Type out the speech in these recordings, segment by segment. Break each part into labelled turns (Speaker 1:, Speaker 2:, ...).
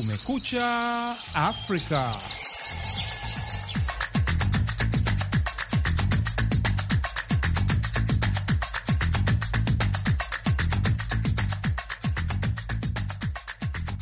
Speaker 1: Kumekucha Afrika.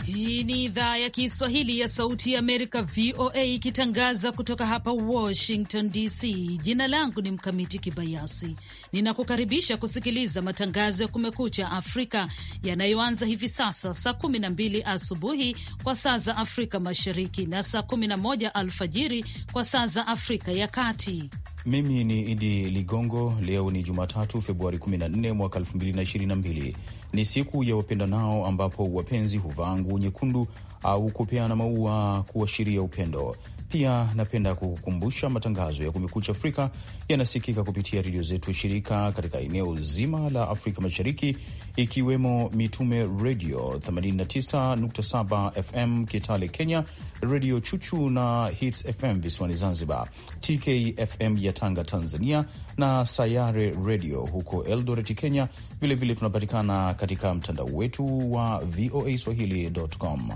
Speaker 2: Hii ni idhaa ya Kiswahili ya Sauti ya Amerika, VOA, ikitangaza kutoka hapa Washington DC. Jina langu ni Mkamiti Kibayasi. Ninakukaribisha kusikiliza matangazo ya Kumekucha Afrika yanayoanza hivi sasa saa 12 asubuhi kwa saa za Afrika Mashariki na saa 11 alfajiri kwa saa za Afrika ya Kati.
Speaker 3: Mimi ni Idi Ligongo. Leo ni Jumatatu, Februari 14 mwaka 2022. Ni siku ya wapendanao, ambapo wapenzi huvaa nguo nyekundu au kupeana maua kuashiria upendo. Pia napenda kukumbusha matangazo ya Kumekucha Afrika yanasikika kupitia redio zetu shirika katika eneo zima la Afrika Mashariki, ikiwemo Mitume Redio 89.7 FM Kitale Kenya, Redio Chuchu na Hits FM visiwani Zanzibar, TKFM ya Tanga Tanzania, na Sayare Redio huko Eldoret Kenya. Vilevile tunapatikana katika mtandao wetu wa voa swahili.com.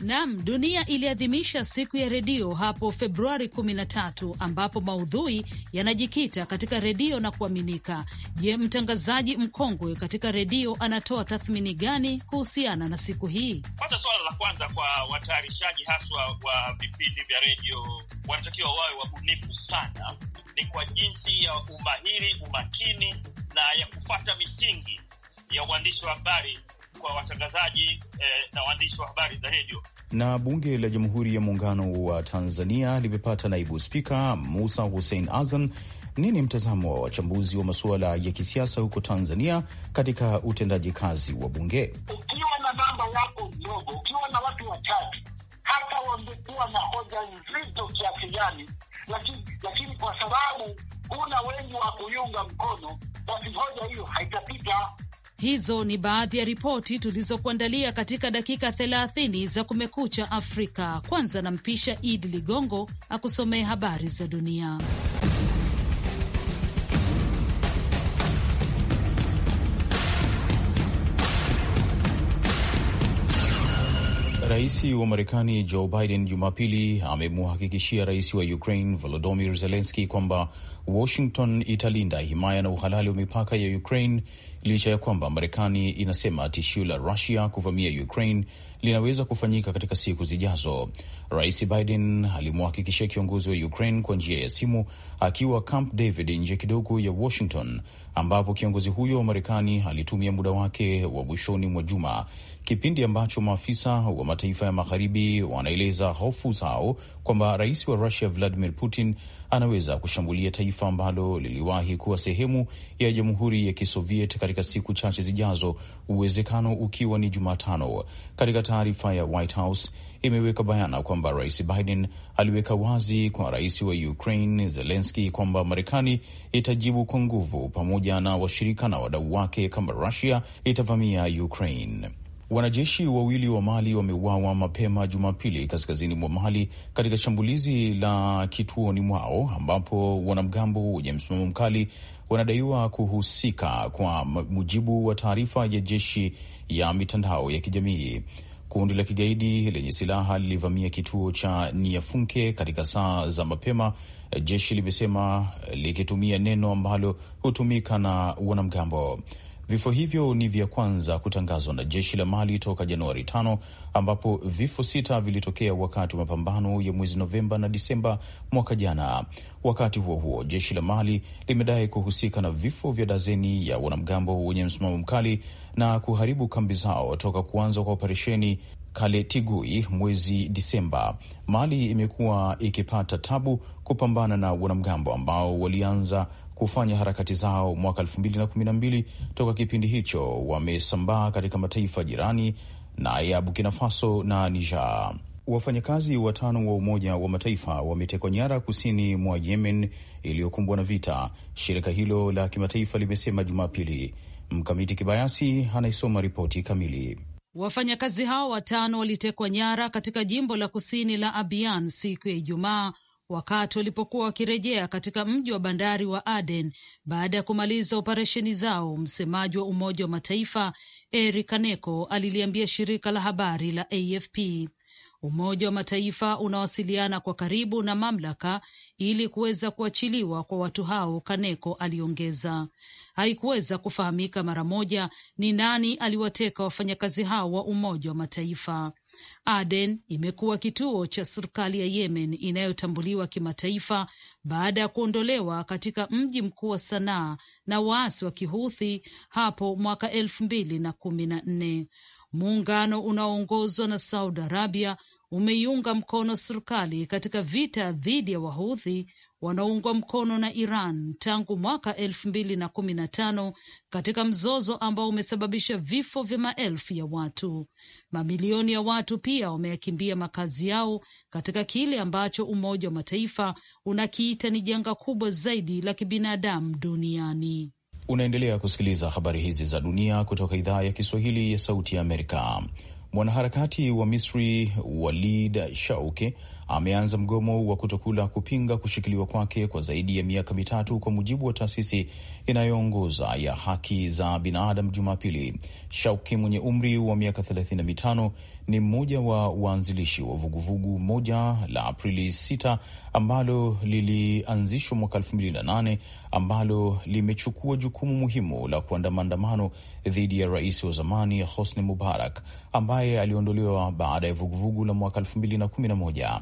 Speaker 2: Nam, dunia iliadhimisha siku ya redio hapo Februari 13 ambapo maudhui yanajikita katika redio na kuaminika. Je, mtangazaji mkongwe katika redio anatoa tathmini gani kuhusiana na siku hii? Kwanza, suala la
Speaker 4: kwanza kwa watayarishaji haswa wa vipindi vya redio, wanatakiwa wawe wabunifu sana, ni kwa jinsi ya umahiri, umakini na ya kufata misingi ya uandishi wa habari kwa watangazaji eh, na waandishi wa habari za redio.
Speaker 3: Na bunge la Jamhuri ya Muungano wa Tanzania limepata naibu spika Musa Hussein Azan. Nini mtazamo wa wachambuzi wa masuala ya kisiasa huko Tanzania katika utendaji kazi wa bunge?
Speaker 5: Ukiwa na namba yako ndogo, ukiwa na watu watatu hata wangekuwa na hoja nzito kiasi gani, lakini lakini kwa sababu kuna wengi wa kuiunga mkono, basi hoja hiyo
Speaker 2: haitapita. Hizo ni baadhi ya ripoti tulizokuandalia katika dakika 30 za Kumekucha Afrika. Kwanza nampisha Idi Ligongo akusomee habari za dunia. Rais
Speaker 3: wa Marekani Joe Biden Jumapili amemhakikishia rais wa Ukraine Volodymyr Zelensky kwamba Washington italinda himaya na uhalali wa mipaka ya Ukraine licha ya kwamba Marekani inasema tishio la Rusia kuvamia Ukraine linaweza kufanyika katika siku zijazo. Rais Biden alimhakikishia kiongozi wa Ukraine kwa njia ya simu akiwa Camp David nje kidogo ya Washington, ambapo kiongozi huyo wa Marekani alitumia muda wake wa mwishoni mwa juma, kipindi ambacho maafisa wa mataifa ya magharibi wanaeleza hofu zao kwamba rais wa Rusia Vladimir Putin anaweza kushambulia taifa ambalo liliwahi kuwa sehemu ya jamhuri ya Kisoviet katika katika siku chache zijazo, uwezekano ukiwa ni Jumatano. Katika taarifa ya White House imeweka bayana kwamba Rais Biden aliweka wazi kwa rais wa Ukraine Zelenski kwamba Marekani itajibu kwa nguvu pamoja na washirika na wadau wake kama Rusia itavamia Ukraine. Wanajeshi wawili wa Mali wameuawa mapema Jumapili kaskazini mwa Mali katika shambulizi la kituoni mwao ambapo wanamgambo wenye msimamo mkali wanadaiwa kuhusika, kwa mujibu wa taarifa ya jeshi ya mitandao ya kijamii. Kundi la kigaidi lenye silaha lilivamia kituo cha Niafunke katika saa za mapema, jeshi limesema likitumia neno ambalo hutumika na wanamgambo. Vifo hivyo ni vya kwanza kutangazwa na jeshi la Mali toka Januari tano, ambapo vifo sita vilitokea wakati wa mapambano ya mwezi Novemba na Disemba mwaka jana. Wakati huo huo, jeshi la Mali limedai kuhusika na vifo vya dazeni ya wanamgambo wenye msimamo mkali na kuharibu kambi zao toka kuanza kwa operesheni Kale Tigui mwezi Disemba. Mali imekuwa ikipata tabu kupambana na wanamgambo ambao walianza kufanya harakati zao mwaka elfu mbili na kumi na mbili. Toka kipindi hicho wamesambaa katika mataifa jirani na ya Burkina Faso na Niger. Wafanyakazi watano wa Umoja wa Mataifa wametekwa nyara kusini mwa Yemen iliyokumbwa na vita, shirika hilo la kimataifa limesema Jumapili. Mkamiti Kibayasi anaisoma ripoti kamili.
Speaker 2: Wafanyakazi hao watano walitekwa nyara katika jimbo la kusini la Abian siku ya Ijumaa wakati walipokuwa wakirejea katika mji wa bandari wa Aden baada ya kumaliza operesheni zao. Msemaji wa Umoja wa Mataifa Eri Kaneko aliliambia shirika la habari la AFP Umoja wa Mataifa unawasiliana kwa karibu na mamlaka ili kuweza kuachiliwa kwa watu hao, Kaneko aliongeza. Haikuweza kufahamika mara moja ni nani aliwateka wafanyakazi hao wa Umoja wa Mataifa. Aden imekuwa kituo cha serikali ya Yemen inayotambuliwa kimataifa baada ya kuondolewa katika mji mkuu wa Sanaa na waasi wa Kihuthi hapo mwaka elfu mbili na kumi na nne. Muungano unaoongozwa na Saudi Arabia umeiunga mkono serikali katika vita dhidi ya Wahuthi wanaoungwa mkono na Iran tangu mwaka elfu mbili na kumi na tano katika mzozo ambao umesababisha vifo vya maelfu ya watu. Mamilioni ya watu pia wameyakimbia makazi yao katika kile ambacho Umoja wa Mataifa unakiita ni janga kubwa zaidi la kibinadamu duniani.
Speaker 3: Unaendelea kusikiliza habari hizi za dunia kutoka idhaa ya Kiswahili ya Sauti ya Amerika. Mwanaharakati wa Misri Walid Shauke ameanza mgomo wa kutokula kupinga kushikiliwa kwake kwa zaidi ya miaka mitatu, kwa mujibu wa taasisi inayoongoza ya haki za binadamu Jumapili. Shauki mwenye umri wa miaka 35 ni mmoja wa waanzilishi wa vuguvugu moja la Aprili 6 ambalo lilianzishwa mwaka 2008 ambalo limechukua jukumu muhimu la kuandaa maandamano dhidi ya rais wa zamani Hosni Mubarak ambaye aliondolewa baada ya vuguvugu la mwaka 2011.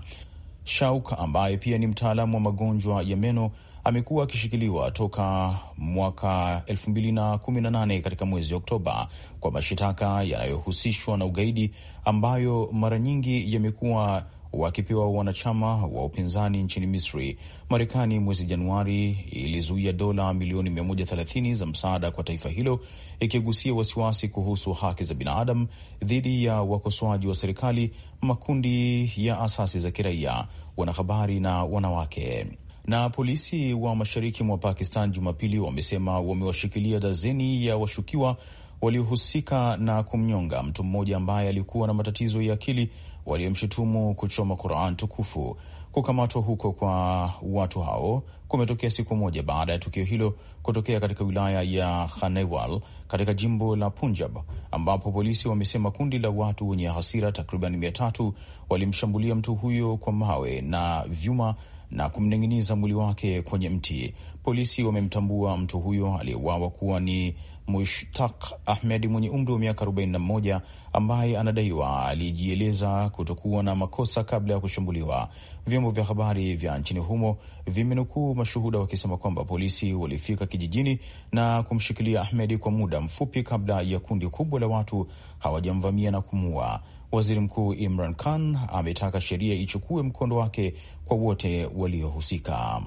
Speaker 3: Shauk ambaye pia ni mtaalamu wa magonjwa ya meno amekuwa akishikiliwa toka mwaka 2018 katika mwezi Oktoba kwa mashitaka yanayohusishwa na ugaidi ambayo mara nyingi yamekuwa wakipewa wanachama wa upinzani nchini Misri. Marekani mwezi Januari ilizuia dola milioni 130 za msaada kwa taifa hilo, ikigusia wasiwasi kuhusu haki za binadamu dhidi ya wakosoaji wa serikali, makundi ya asasi za kiraia, wanahabari na wanawake. Na polisi wa mashariki mwa Pakistan Jumapili wamesema wamewashikilia dazeni ya washukiwa waliohusika na kumnyonga mtu mmoja ambaye alikuwa na matatizo ya akili waliomshutumu kuchoma Quran tukufu. Kukamatwa huko kwa watu hao kumetokea siku moja baada ya tukio hilo kutokea katika wilaya ya Khanewal katika jimbo la Punjab, ambapo polisi wamesema kundi la watu wenye hasira takriban mia tatu walimshambulia mtu huyo kwa mawe na vyuma na kumning'iniza mwili wake kwenye mti. Polisi wamemtambua mtu huyo aliyeuawa kuwa ni Mushtaq Ahmed mwenye umri wa miaka 41 ambaye anadaiwa alijieleza kutokuwa na makosa kabla ya kushambuliwa. Vyombo vya habari vya nchini humo vimenukuu mashuhuda wakisema kwamba polisi walifika kijijini na kumshikilia Ahmed kwa muda mfupi kabla ya kundi kubwa la watu hawajamvamia na kumuua. Waziri Mkuu Imran Khan ametaka sheria ichukue mkondo wake kwa wote waliohusika.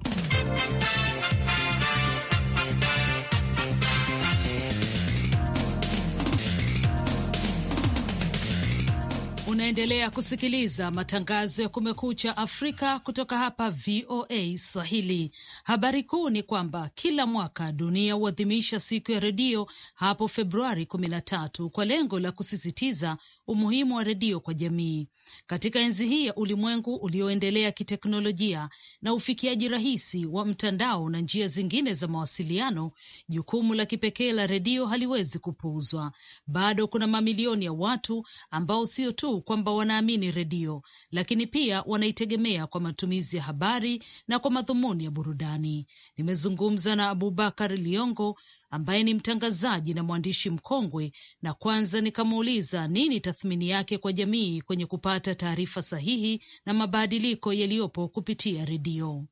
Speaker 2: Unaendelea kusikiliza matangazo ya Kumekucha Afrika kutoka hapa VOA Swahili. Habari kuu ni kwamba kila mwaka dunia huadhimisha siku ya redio hapo Februari 13 kwa lengo la kusisitiza umuhimu wa redio kwa jamii katika enzi hii ya ulimwengu ulioendelea kiteknolojia na ufikiaji rahisi wa mtandao na njia zingine za mawasiliano, jukumu la kipekee la redio haliwezi kupuuzwa. Bado kuna mamilioni ya watu ambao sio tu kwamba wanaamini redio, lakini pia wanaitegemea kwa matumizi ya habari na kwa madhumuni ya burudani. Nimezungumza na Abubakar Liongo ambaye ni mtangazaji na mwandishi mkongwe, na kwanza nikamuuliza nini tathmini yake kwa jamii kwenye kupata taarifa sahihi na mabadiliko yaliyopo kupitia redio.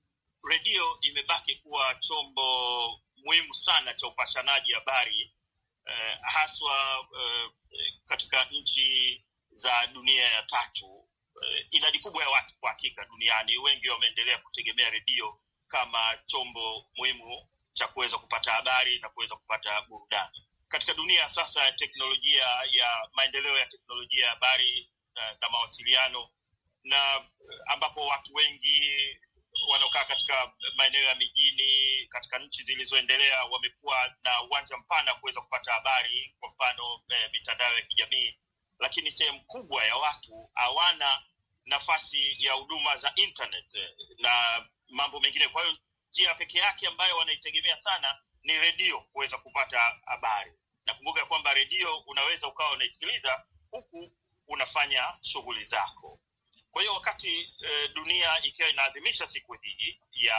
Speaker 2: Redio
Speaker 4: imebaki kuwa chombo muhimu sana cha upashanaji habari eh, haswa eh, katika nchi za dunia ya tatu. Eh, idadi kubwa ya watu kwa hakika duniani wengi wameendelea kutegemea redio kama chombo muhimu cha kuweza kupata habari na kuweza kupata burudani katika dunia sasa ya teknolojia ya maendeleo ya teknolojia ya habari na, eh, na mawasiliano na ambapo watu wengi wanaokaa katika maeneo ya mijini katika nchi zilizoendelea wamekuwa na uwanja mpana kuweza kupata habari, kwa mfano eh, mitandao ya kijamii, lakini sehemu kubwa ya watu hawana nafasi ya huduma za internet eh, na mambo mengine. Kwa hiyo njia peke yake ambayo wanaitegemea sana ni redio kuweza kupata habari. Nakumbuka kwamba redio unaweza ukawa unaisikiliza huku unafanya shughuli zako. Kwa hiyo wakati e, dunia ikiwa inaadhimisha siku hii ya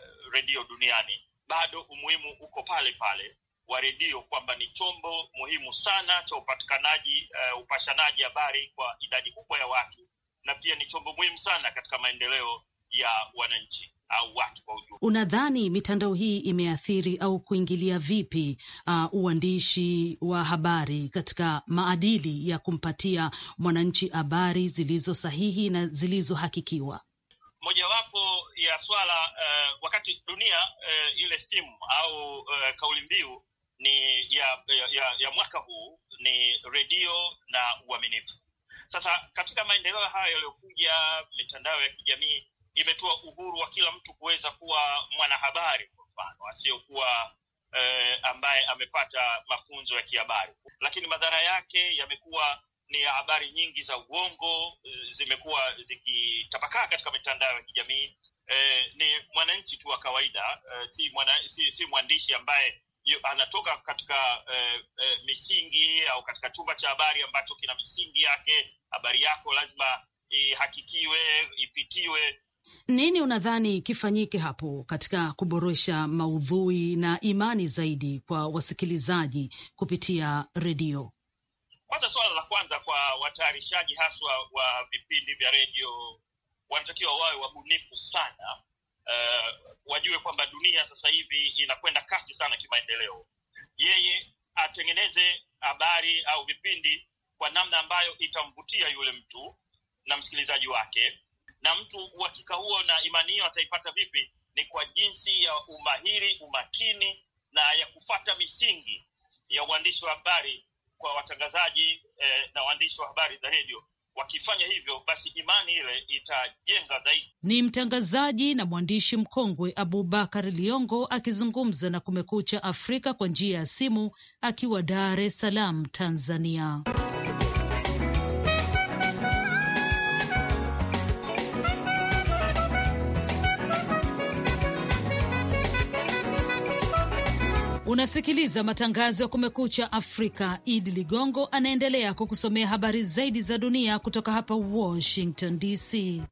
Speaker 4: eh, redio duniani, bado umuhimu uko pale pale wa redio kwamba ni chombo muhimu sana cha upatikanaji uh, upashanaji habari kwa idadi kubwa ya watu, na pia ni chombo muhimu sana katika maendeleo ya wananchi au watu kwa
Speaker 2: ujumla. Unadhani mitandao hii imeathiri au kuingilia vipi uh, uandishi wa habari katika maadili ya kumpatia mwananchi habari zilizo sahihi na zilizohakikiwa?
Speaker 4: Mojawapo ya swala uh, wakati dunia uh, ile simu au uh, kauli mbiu ni ya, ya, ya mwaka huu ni redio na uaminifu. Sasa katika maendeleo haya yaliyokuja mitandao ya kijamii imetoa uhuru wa kila mtu kuweza kuwa mwanahabari, kwa mfano asiyokuwa eh, ambaye amepata mafunzo ya kihabari, lakini madhara yake yamekuwa ni habari nyingi za uongo eh, zimekuwa zikitapakaa katika mitandao ya kijamii. Eh, ni mwananchi tu wa kawaida eh, si, mwana, si, si mwandishi ambaye yu, anatoka katika eh, eh, misingi au katika chumba cha habari ambacho kina misingi yake. Habari yako lazima ihakikiwe, ipitiwe
Speaker 2: nini unadhani kifanyike hapo katika kuboresha maudhui na imani zaidi kwa wasikilizaji kupitia redio?
Speaker 4: Kwanza, suala la kwanza kwa watayarishaji haswa wa vipindi vya redio, wanatakiwa wawe wabunifu sana. Uh, wajue kwamba dunia sasa hivi inakwenda kasi sana kimaendeleo. Yeye atengeneze habari au vipindi kwa namna ambayo itamvutia yule mtu na msikilizaji wake na mtu uhakika huo na imani hiyo ataipata vipi? Ni kwa jinsi ya umahiri, umakini na ya kufata misingi ya uandishi wa habari kwa watangazaji eh, na waandishi wa habari za redio. Wakifanya hivyo, basi imani ile itajenga
Speaker 2: zaidi. Ni mtangazaji na mwandishi mkongwe Abubakar Liongo akizungumza na Kumekucha Afrika kwa njia ya simu akiwa Dar es Salaam, Tanzania. Unasikiliza matangazo ya Kumekucha Afrika. Idi Ligongo anaendelea kukusomea habari zaidi za dunia kutoka hapa Washington DC.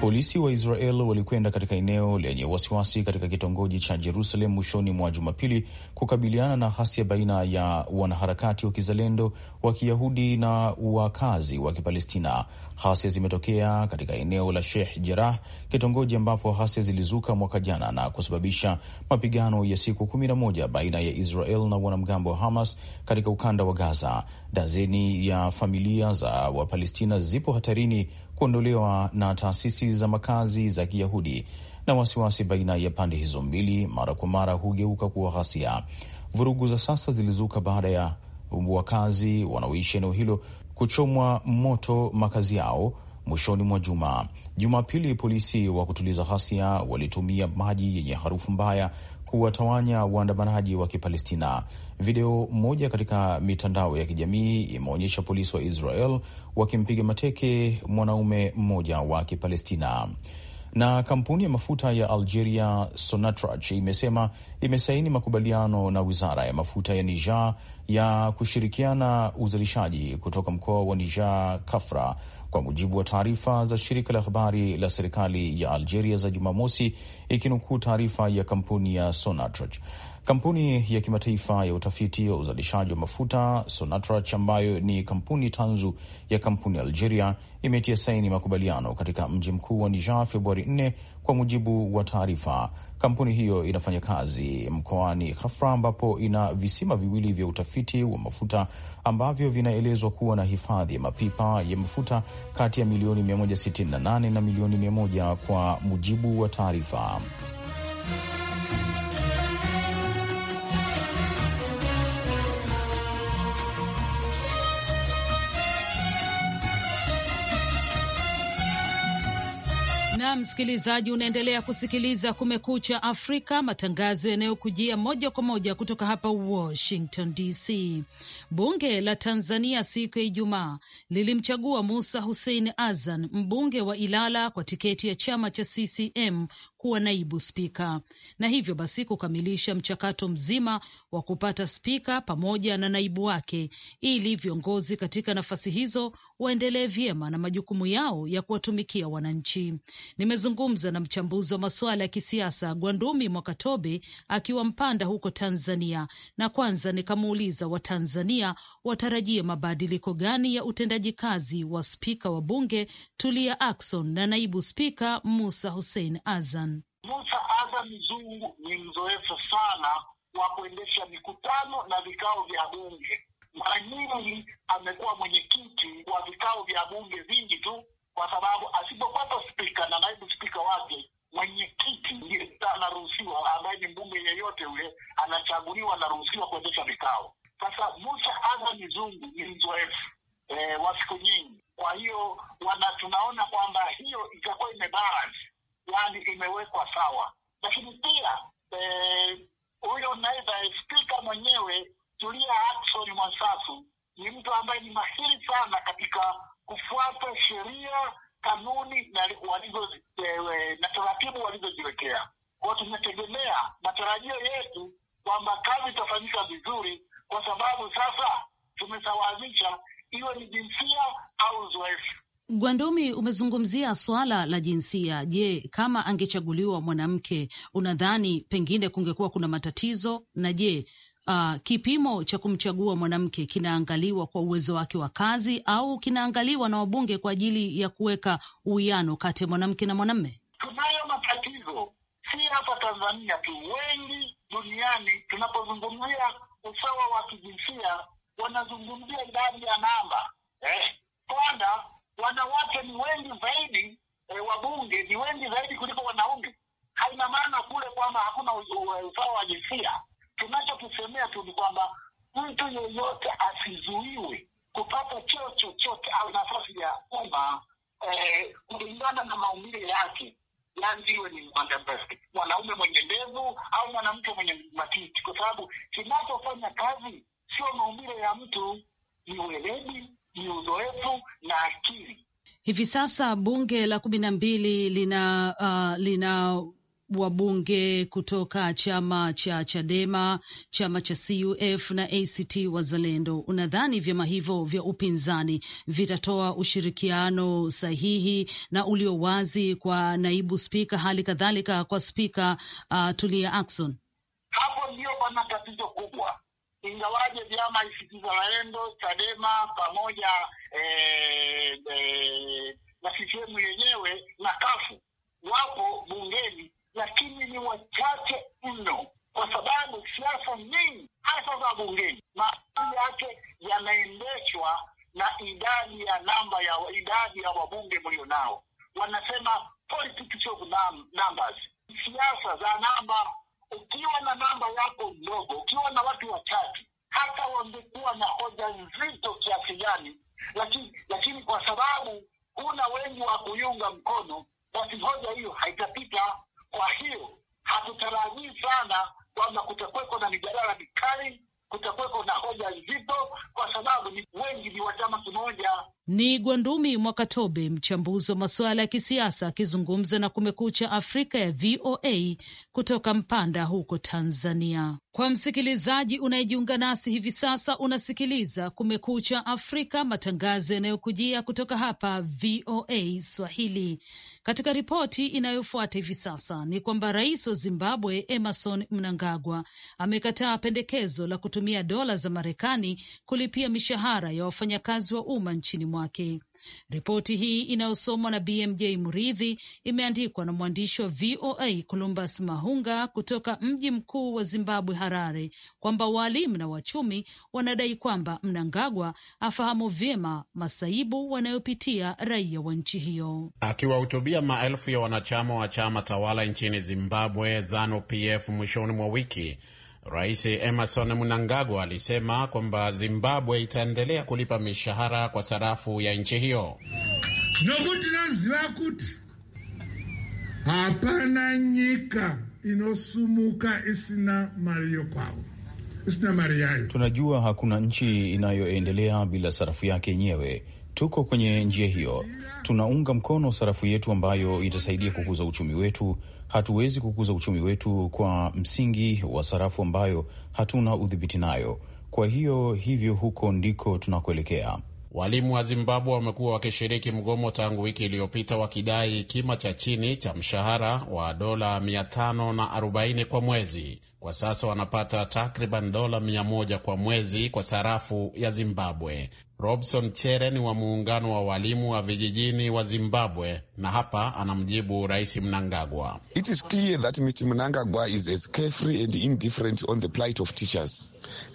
Speaker 3: Polisi wa Israel walikwenda katika eneo lenye wasiwasi katika kitongoji cha Jerusalem mwishoni mwa Jumapili kukabiliana na ghasia baina ya wanaharakati wa kizalendo wa Kiyahudi na wakazi wa Kipalestina. Ghasia zimetokea katika eneo la Sheikh jerah kitongoji ambapo ghasia zilizuka mwaka jana na kusababisha mapigano ya siku kumi na moja baina ya Israel na wanamgambo wa Hamas katika ukanda wa Gaza. Dazeni ya familia za Wapalestina zipo hatarini kuondolewa na taasisi za makazi za Kiyahudi, na wasiwasi baina ya pande hizo mbili mara kwa mara hugeuka kuwa ghasia. Vurugu za sasa zilizuka baada ya wakazi wanaoishi eneo hilo kuchomwa moto makazi yao mwishoni mwa juma. Jumapili, polisi wa kutuliza ghasia walitumia maji yenye harufu mbaya kuwatawanya waandamanaji wa Kipalestina. Video moja katika mitandao ya kijamii imeonyesha polisi wa Israel wakimpiga mateke mwanaume mmoja wa Kipalestina. Na kampuni ya mafuta ya Algeria Sonatrach imesema imesaini makubaliano na wizara ya mafuta ya Niger ya kushirikiana uzalishaji kutoka mkoa wa Niger Kafra kwa mujibu wa taarifa za shirika la habari la serikali ya Algeria za Jumamosi, ikinukuu taarifa ya kampuni ya Sonatrach. Kampuni ya kimataifa ya utafiti wa uzalishaji wa mafuta Sonatrach, ambayo ni kampuni tanzu ya kampuni Algeria, imetia saini makubaliano katika mji mkuu wa Niger Februari 4. Kwa mujibu wa taarifa, kampuni hiyo inafanya kazi mkoani hafra ambapo ina visima viwili vya utafiti wa mafuta ambavyo vinaelezwa kuwa na hifadhi ya mapipa ya mafuta kati ya milioni 168 na milioni 100 kwa mujibu wa taarifa.
Speaker 2: Na msikilizaji, unaendelea kusikiliza Kumekucha Afrika, matangazo yanayokujia moja kwa moja kutoka hapa Washington DC. Bunge la Tanzania siku ya Ijumaa lilimchagua Musa Hussein Azan, mbunge wa Ilala, kwa tiketi ya chama cha CCM kuwa naibu spika na hivyo basi kukamilisha mchakato mzima wa kupata spika pamoja na naibu wake, ili viongozi katika nafasi hizo waendelee vyema na majukumu yao ya kuwatumikia wananchi. Nimezungumza na mchambuzi wa masuala ya kisiasa Gwandumi Mwakatobe akiwa Mpanda huko Tanzania, na kwanza nikamuuliza Watanzania watarajie mabadiliko gani ya utendaji kazi wa spika wa bunge Tulia Ackson na naibu spika Musa Hussein Azan.
Speaker 5: Musa adha Mzungu ni mzoefu sana wa kuendesha mikutano na vikao vya bunge. Mara nyingi amekuwa mwenyekiti wa vikao vya bunge vingi tu, kwa sababu asipopata spika na naibu spika wake, mwenyekiti ndiye anaruhusiwa, ambaye ni mbunge yeyote yule anachaguliwa, anaruhusiwa kuendesha vikao. Sasa Musa Adam Zungu ni mzoefu e, wa siku nyingi, kwa hiyo wana tunaona kwa
Speaker 2: umezungumzia swala la jinsia. Je, kama angechaguliwa mwanamke, unadhani pengine kungekuwa kuna matatizo? Na je, uh, kipimo cha kumchagua mwanamke kinaangaliwa kwa uwezo wake wa kazi au kinaangaliwa na wabunge kwa ajili ya kuweka uwiano kati ya mwanamke na mwanamme?
Speaker 5: Tunayo matatizo si hapa Tanzania tu, wengi duniani. Tunapozungumzia usawa wa kijinsia, wanazungumzia idadi ya namba ni wengi zaidi e, eh, wabunge ni wengi zaidi kuliko wanaume, haina maana kule kwamba hakuna usawa wa jinsia. Tunachokisemea tu ni kwamba mtu yeyote asizuiwe kupata cheo chochote au nafasi ya umma kulingana eh, kulingana na maumbile yake, yaani iwe ni mwanaume mwenye ndevu au mwanamke mwenye matiti, kwa sababu kinachofanya kazi sio maumbile ya mtu, ni weledi, ni uzoefu na akili.
Speaker 2: Hivi sasa bunge la kumi na mbili lina uh, lina wabunge kutoka chama cha Chadema, chama cha CUF na ACT Wazalendo. Unadhani vyama hivyo vya upinzani vitatoa ushirikiano sahihi na ulio wazi kwa naibu spika, hali kadhalika kwa spika uh, Tulia Ackson?
Speaker 5: Hapo ndio pana tatizo kubwa, ingawaje vyama ACT Wazalendo, Chadema pamoja eh, eh, na CCM yenyewe na kafu wapo bungeni, lakini ni wachache mno, kwa sababu siasa nyingi hasa za bungeni maai yake yanaendeshwa na idadi ya namba ya idadi ya wabunge mlio nao. Wanasema politics of numbers, siasa za namba. Ukiwa na namba yako ndogo, ukiwa na watu wachache, hata wangekuwa na hoja nzito kiasi gani lakini lakini kwa sababu kuna wengi wa kuiunga mkono, basi hoja hiyo haitapita. Kwa hiyo hatutarajii sana kwamba kutakuweko na mijadala mikali, kutakuweko na hoja nzito, kwa sababu ni wengi ni wa chama kimoja.
Speaker 2: Ni Gwandumi Mwakatobe, mchambuzi wa masuala ya kisiasa, akizungumza na Kumekucha Afrika ya VOA kutoka Mpanda huko Tanzania. Kwa msikilizaji unayejiunga nasi hivi sasa, unasikiliza Kumekucha Afrika, matangazo yanayokujia kutoka hapa VOA Swahili. Katika ripoti inayofuata hivi sasa ni kwamba rais wa Zimbabwe Emerson Mnangagwa amekataa pendekezo la kutumia dola za Marekani kulipia mishahara ya wafanyakazi wa umma nchini wake. Ripoti hii inayosomwa na BMJ Mridhi imeandikwa na mwandishi wa VOA Columbus Mahunga kutoka mji mkuu wa Zimbabwe, Harare, kwamba waalimu na wachumi wanadai kwamba Mnangagwa afahamu vyema masaibu wanayopitia raia wa nchi hiyo.
Speaker 1: Akiwahutubia maelfu ya wanachama wa chama tawala nchini Zimbabwe, ZANU PF, mwishoni mwa wiki Rais Emerson Mnangagwa alisema kwamba Zimbabwe itaendelea kulipa mishahara kwa sarafu ya nchi hiyo. nokuti naziva kuti hapana nyika inosumuka isina mari yokwavo isina mari yayo. Tunajua
Speaker 3: hakuna nchi inayoendelea bila sarafu yake yenyewe. Tuko kwenye njia hiyo, tunaunga mkono sarafu yetu ambayo itasaidia kukuza uchumi wetu Hatuwezi kukuza uchumi wetu kwa msingi wa sarafu ambayo hatuna udhibiti nayo. Kwa hiyo hivyo, huko ndiko tunakuelekea.
Speaker 1: Walimu wa Zimbabwe wamekuwa wakishiriki mgomo tangu wiki iliyopita wakidai kima cha chini cha mshahara wa dola 540 kwa mwezi. Kwa sasa wanapata takriban dola 100 kwa mwezi kwa sarafu ya Zimbabwe. Robson Chere ni wa muungano wa walimu wa vijijini wa Zimbabwe, na hapa anamjibu Rais Mnangagwa. It is clear that Mr. Mnangagwa is as carefree and indifferent on the plight of teachers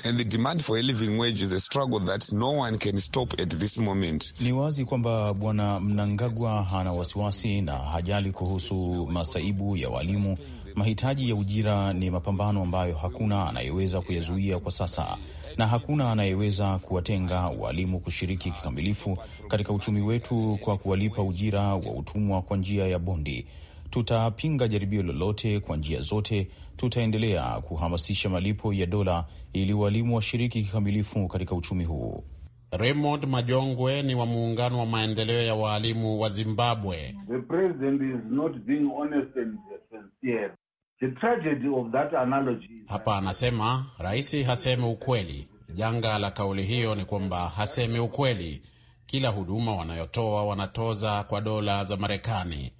Speaker 1: and the demand for a living wage is a struggle that no one can stop at this moment.
Speaker 3: Ni wazi kwamba Bwana Mnangagwa hana wasiwasi na hajali kuhusu masaibu ya walimu. Mahitaji ya ujira ni mapambano ambayo hakuna anayeweza kuyazuia kwa sasa na hakuna anayeweza kuwatenga walimu kushiriki kikamilifu katika uchumi wetu kwa kuwalipa ujira wa utumwa kwa njia ya bondi. Tutapinga jaribio lolote kwa njia zote. Tutaendelea kuhamasisha malipo ya dola ili walimu washiriki
Speaker 1: kikamilifu katika uchumi huu. Raymond Majongwe ni wa muungano wa maendeleo ya waalimu wa Zimbabwe.
Speaker 6: The president is not being honest and sincere.
Speaker 1: Hapa anasema rais hasemi ukweli. Janga la kauli hiyo ni kwamba hasemi ukweli. Kila huduma wanayotoa wanatoza kwa dola za Marekani.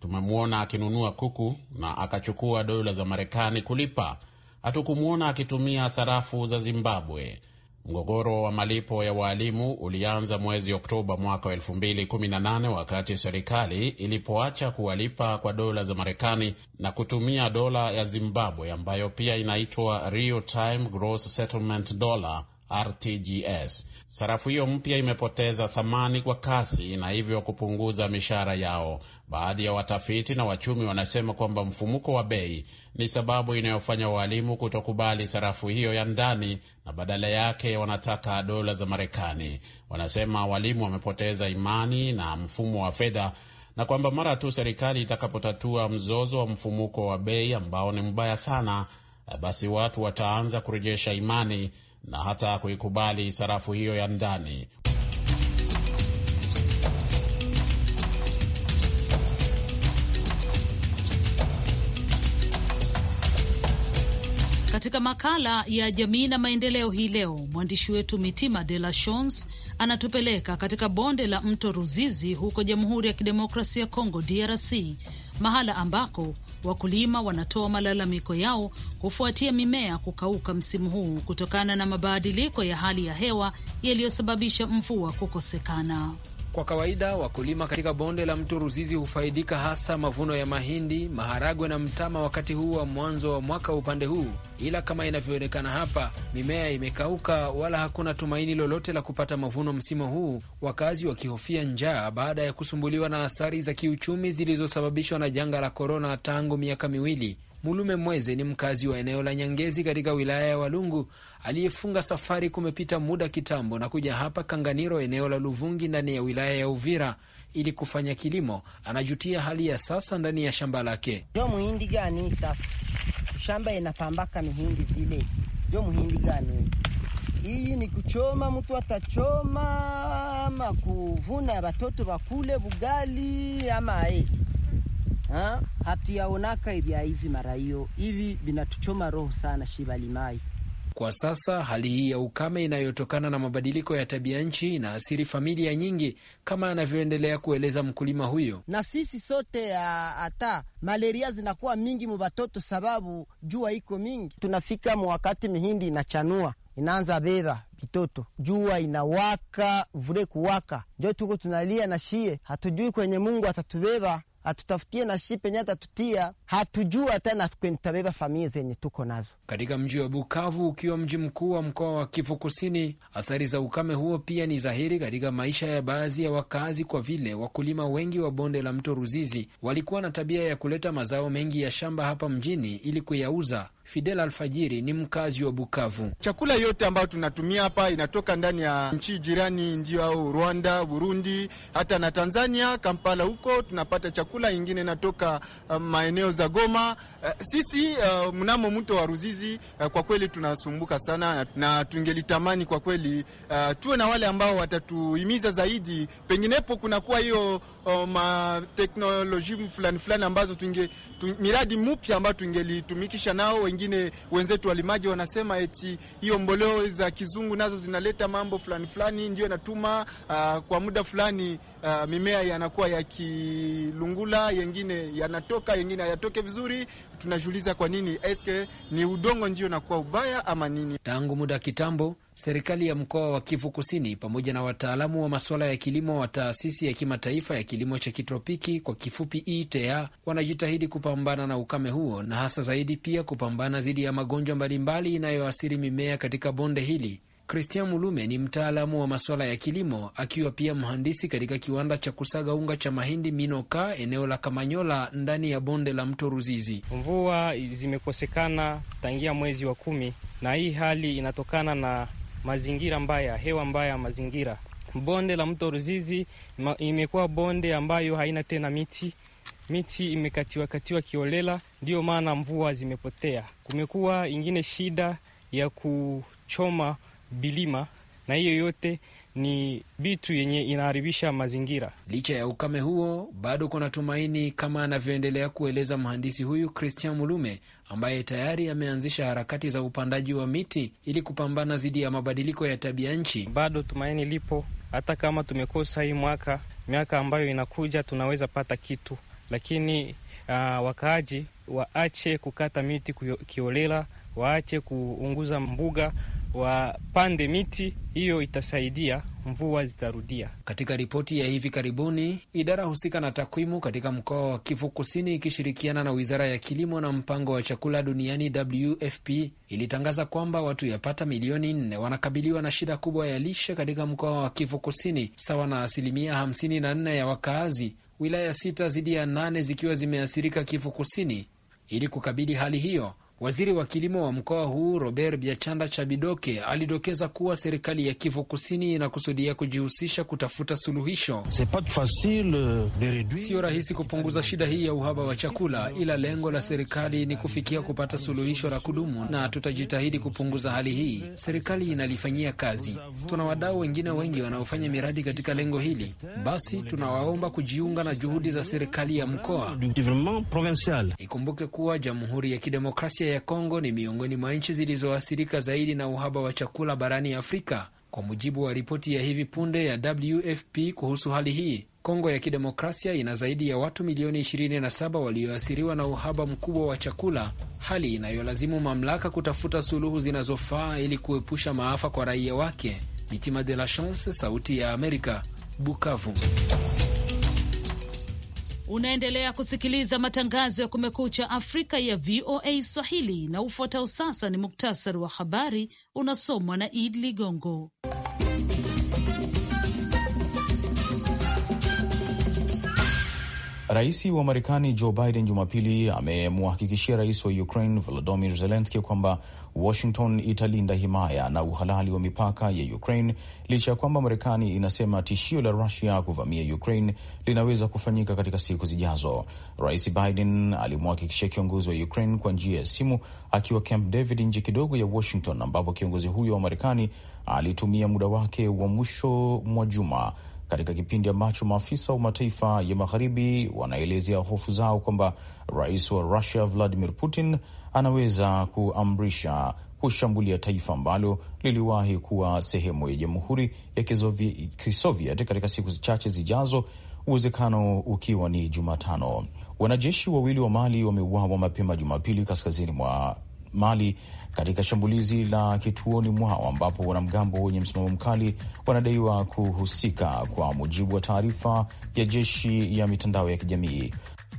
Speaker 1: Tumemwona akinunua kuku na akachukua dola za Marekani kulipa. Hatukumwona akitumia sarafu za Zimbabwe. Mgogoro wa malipo ya waalimu ulianza mwezi Oktoba mwaka 2018 wakati serikali ilipoacha kuwalipa kwa dola za Marekani na kutumia dola ya Zimbabwe ambayo pia inaitwa real time gross settlement dollar RTGS. Sarafu hiyo mpya imepoteza thamani kwa kasi na hivyo kupunguza mishahara yao. Baadhi ya watafiti na wachumi wanasema kwamba mfumuko wa bei ni sababu inayofanya waalimu kutokubali sarafu hiyo ya ndani na badala yake wanataka dola za Marekani. Wanasema walimu wamepoteza imani na mfumo wa fedha na kwamba mara tu serikali itakapotatua mzozo wa mfumuko wa bei ambao ni mbaya sana, basi watu wataanza kurejesha imani na hata kuikubali sarafu hiyo ya ndani.
Speaker 2: Katika makala ya jamii na maendeleo hii leo, mwandishi wetu Mitima De La Shons anatupeleka katika bonde la mto Ruzizi huko Jamhuri ya Kidemokrasia ya Kongo, DRC, mahala ambako wakulima wanatoa malalamiko yao kufuatia mimea kukauka msimu huu kutokana na mabadiliko ya hali ya hewa yaliyosababisha mvua kukosekana.
Speaker 6: Kwa kawaida wakulima katika bonde la mto Ruzizi hufaidika hasa mavuno ya mahindi, maharagwe na mtama wakati huu wa mwanzo wa mwaka upande huu, ila kama inavyoonekana hapa, mimea imekauka, wala hakuna tumaini lolote la kupata mavuno msimu huu, wakazi wakihofia njaa baada ya kusumbuliwa na athari za kiuchumi zilizosababishwa na janga la korona tangu miaka miwili. Mulume Mweze ni mkazi wa eneo la Nyangezi katika wilaya ya Walungu aliyefunga safari kumepita muda kitambo na kuja hapa Kanganiro, eneo la Luvungi ndani ya wilaya ya Uvira ili kufanya kilimo. Anajutia hali ya sasa ndani ya shamba lake.
Speaker 2: Jo muhindi gani sasa? Shamba
Speaker 3: inapambaka mihindi vile, jo muhindi gani Ni kuchoma, mtu atachoma ama kuvuna, watoto wakule
Speaker 6: bugali ama e ha? hatuyaonaka ivya hivi mara hiyo hivi vinatuchoma roho sana shivalimai. Kwa sasa hali hii ya ukame inayotokana na mabadiliko ya tabia nchi inaathiri familia nyingi, kama anavyoendelea kueleza mkulima huyo.
Speaker 2: Na sisi sote ah, hata malaria zinakuwa mingi mu watoto,
Speaker 6: sababu jua iko mingi. Tunafika mu wakati mihindi inachanua inaanza beba
Speaker 3: vitoto, jua inawaka vule kuwaka, njo tuko tunalia na shie, hatujui kwenye Mungu atatubeba atutafutie na shi penye atatutia, hatujua tena kwenye tutabeba familia zenye tuko nazo.
Speaker 6: Katika mji wa Bukavu, ukiwa mji mkuu wa mkoa wa Kivu Kusini, athari za ukame huo pia ni dhahiri katika maisha ya baadhi ya wakazi, kwa vile wakulima wengi wa bonde la mto Ruzizi walikuwa na tabia ya kuleta mazao mengi ya shamba hapa mjini ili kuyauza Fidel Alfajiri ni mkazi wa Bukavu. Chakula yote ambayo tunatumia hapa inatoka ndani ya nchi jirani, ndio au Rwanda, Burundi, hata na Tanzania, Kampala huko tunapata chakula, ingine inatoka uh, maeneo za Goma. Uh, sisi uh, mnamo mto wa Ruzizi uh, kwa kweli tunasumbuka sana, na tungelitamani kwa kweli uh, tuwe na wale ambao watatuhimiza zaidi, penginepo kunakuwa hiyo uh, mateknoloji fulani fulani ambazo tunge, tu, miradi mupya ambayo tungelitumikisha nao wengine wenzetu walimaji wanasema eti hiyo mboleo za kizungu nazo zinaleta mambo fulani fulani, ndio inatuma uh, kwa muda fulani uh, mimea yanakuwa yakilungula, yengine yanatoka, yengine hayatoke vizuri. Tunajiuliza kwa nini, eske ni udongo ndio nakuwa ubaya ama nini? Tangu muda kitambo serikali ya mkoa wa Kivu Kusini pamoja na wataalamu wa masuala ya kilimo wa taasisi ya kimataifa ya kilimo cha kitropiki kwa kifupi ITA e wanajitahidi kupambana na ukame huo na hasa zaidi pia kupambana dhidi ya magonjwa mbalimbali inayoasiri mimea katika bonde hili. Christian Mulume ni mtaalamu wa masuala ya kilimo akiwa pia mhandisi katika kiwanda cha kusaga unga cha mahindi Minoka, eneo la Kamanyola, ndani ya bonde la mto Ruzizi. Mvua zimekosekana tangia mwezi wa kumi, na hii hali inatokana na mazingira mbaya, hewa mbaya ya mazingira. Bonde la mto Ruzizi imekuwa bonde ambayo haina tena miti, miti imekatiwakatiwa kiolela, ndiyo maana mvua zimepotea. Kumekuwa ingine shida ya kuchoma bilima, na hiyo yote ni vitu yenye inaharibisha mazingira. Licha ya ukame huo, bado kuna tumaini, kama anavyoendelea kueleza mhandisi huyu Christian Mulume, ambaye tayari ameanzisha harakati za upandaji wa miti ili kupambana dhidi ya mabadiliko ya tabia nchi. Bado tumaini lipo, hata kama tumekosa hii mwaka, miaka ambayo inakuja tunaweza pata kitu, lakini uh, wakaaji waache kukata miti kiolela, waache kuunguza mbuga wapande miti, hiyo itasaidia mvua zitarudia. Katika ripoti ya hivi karibuni, idara husika na takwimu katika mkoa wa Kivu Kusini ikishirikiana na wizara ya kilimo na mpango wa chakula duniani WFP ilitangaza kwamba watu yapata milioni nne wanakabiliwa na shida kubwa ya lishe katika mkoa wa Kivu Kusini, sawa na asilimia 54 ya wakaazi, wilaya sita zidi ya nane zikiwa zimeathirika Kivu Kusini. Ili kukabili hali hiyo Waziri wa kilimo wa mkoa huu Robert Biachanda Chabidoke alidokeza kuwa serikali ya Kivu Kusini inakusudia kujihusisha kutafuta suluhisho. sio rahisi kupunguza shida hii ya uhaba wa chakula, ila lengo la serikali ni kufikia kupata suluhisho la kudumu, na tutajitahidi kupunguza hali hii. Serikali inalifanyia kazi. Tuna wadau wengine wengi wanaofanya miradi katika lengo hili, basi tunawaomba kujiunga na juhudi za serikali ya mkoa. Ikumbuke kuwa Jamhuri ya Kidemokrasia Demokrasia ya Kongo ni miongoni mwa nchi zilizoathirika zaidi na uhaba wa chakula barani Afrika, kwa mujibu wa ripoti ya hivi punde ya WFP kuhusu hali hii. Kongo ya Kidemokrasia ina zaidi ya watu milioni 27 walioathiriwa na uhaba mkubwa wa chakula, hali inayolazimu mamlaka kutafuta suluhu zinazofaa ili kuepusha maafa kwa raia wake. Mitima de la Chance, Sauti ya Amerika, Bukavu.
Speaker 2: Unaendelea kusikiliza matangazo ya Kumekucha Afrika ya VOA Swahili, na ufuatao sasa ni muktasari wa habari unasomwa na Id Ligongo.
Speaker 3: Rais wa Marekani Joe Biden Jumapili amemhakikishia rais wa Ukraine Volodymyr Zelenski kwamba Washington italinda himaya na uhalali wa mipaka ya Ukraine licha ya kwamba Marekani inasema tishio la Rusia kuvamia Ukraine linaweza kufanyika katika siku zijazo. Rais Biden alimhakikishia kiongozi wa Ukraine kwa njia ya simu akiwa Camp David nje kidogo ya Washington, ambapo kiongozi huyo wa Marekani alitumia muda wake wa mwisho mwa juma katika kipindi ambacho maafisa wa mataifa ya magharibi wanaelezea hofu zao kwamba rais wa Russia Vladimir Putin anaweza kuamrisha kushambulia taifa ambalo liliwahi kuwa sehemu ya jamhuri ya Kisoviet katika siku chache zijazo, uwezekano ukiwa ni Jumatano. Wanajeshi wawili wa Mali wameuawa mapema Jumapili kaskazini mwa Mali katika shambulizi la kituoni mwao ambapo wanamgambo wenye msimamo mkali wanadaiwa kuhusika, kwa mujibu wa taarifa ya jeshi ya mitandao ya kijamii.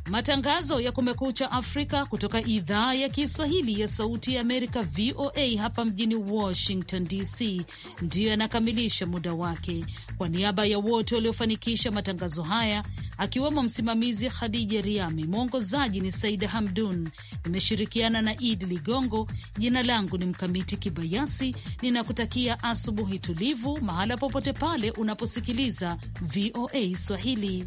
Speaker 2: Matangazo ya Kumekucha Afrika kutoka idhaa ya Kiswahili ya Sauti ya Amerika, VOA, hapa mjini Washington DC, ndiyo yanakamilisha muda wake. Kwa niaba ya wote waliofanikisha matangazo haya, akiwemo msimamizi Khadija Riami, mwongozaji ni Saida Hamdun, nimeshirikiana na Idi Ligongo. Jina langu ni Mkamiti Kibayasi, ninakutakia asubuhi tulivu mahala popote pale unaposikiliza VOA Swahili.